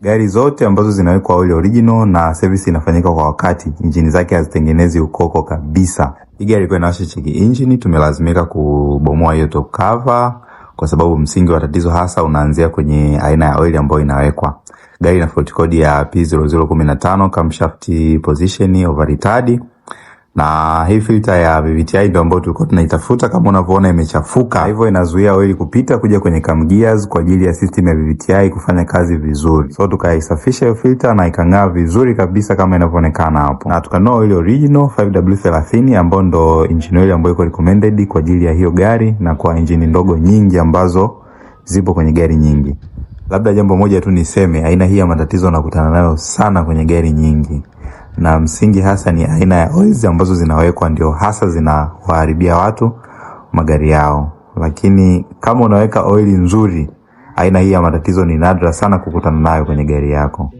Gari zote ambazo zinawekwa oil original na service inafanyika kwa wakati, injini zake hazitengenezi ukoko kabisa. Hii gari ilikuwa inawasha cheki injini, tumelazimika kubomoa hiyo top cover kwa sababu msingi wa tatizo hasa unaanzia kwenye aina ya oil ambayo inawekwa. Gari ina fault code ya P0015 camshaft position retard na hii filter ya VVTI ndio ambayo tulikuwa tunaitafuta, kama unavyoona imechafuka, hivyo inazuia oil kupita kuja kwenye cam gears kwa ajili ya system ya VVTI kufanya kazi vizuri. So tukaisafisha hiyo filter na ikang'aa vizuri kabisa kama inavyoonekana hapo, na tukanoa oil original 5W30 ambayo ndo engine oil ambayo iko recommended kwa ajili ya hiyo gari na kwa engine ndogo nyingi ambazo zipo kwenye gari nyingi. Labda jambo moja tu niseme, aina hii ya matatizo nakutana nayo sana kwenye gari nyingi na msingi hasa ni aina ya oils ambazo zinawekwa ndio hasa zinawaharibia watu magari yao. Lakini kama unaweka oili nzuri, aina hii ya matatizo ni nadra sana kukutana nayo kwenye gari yako.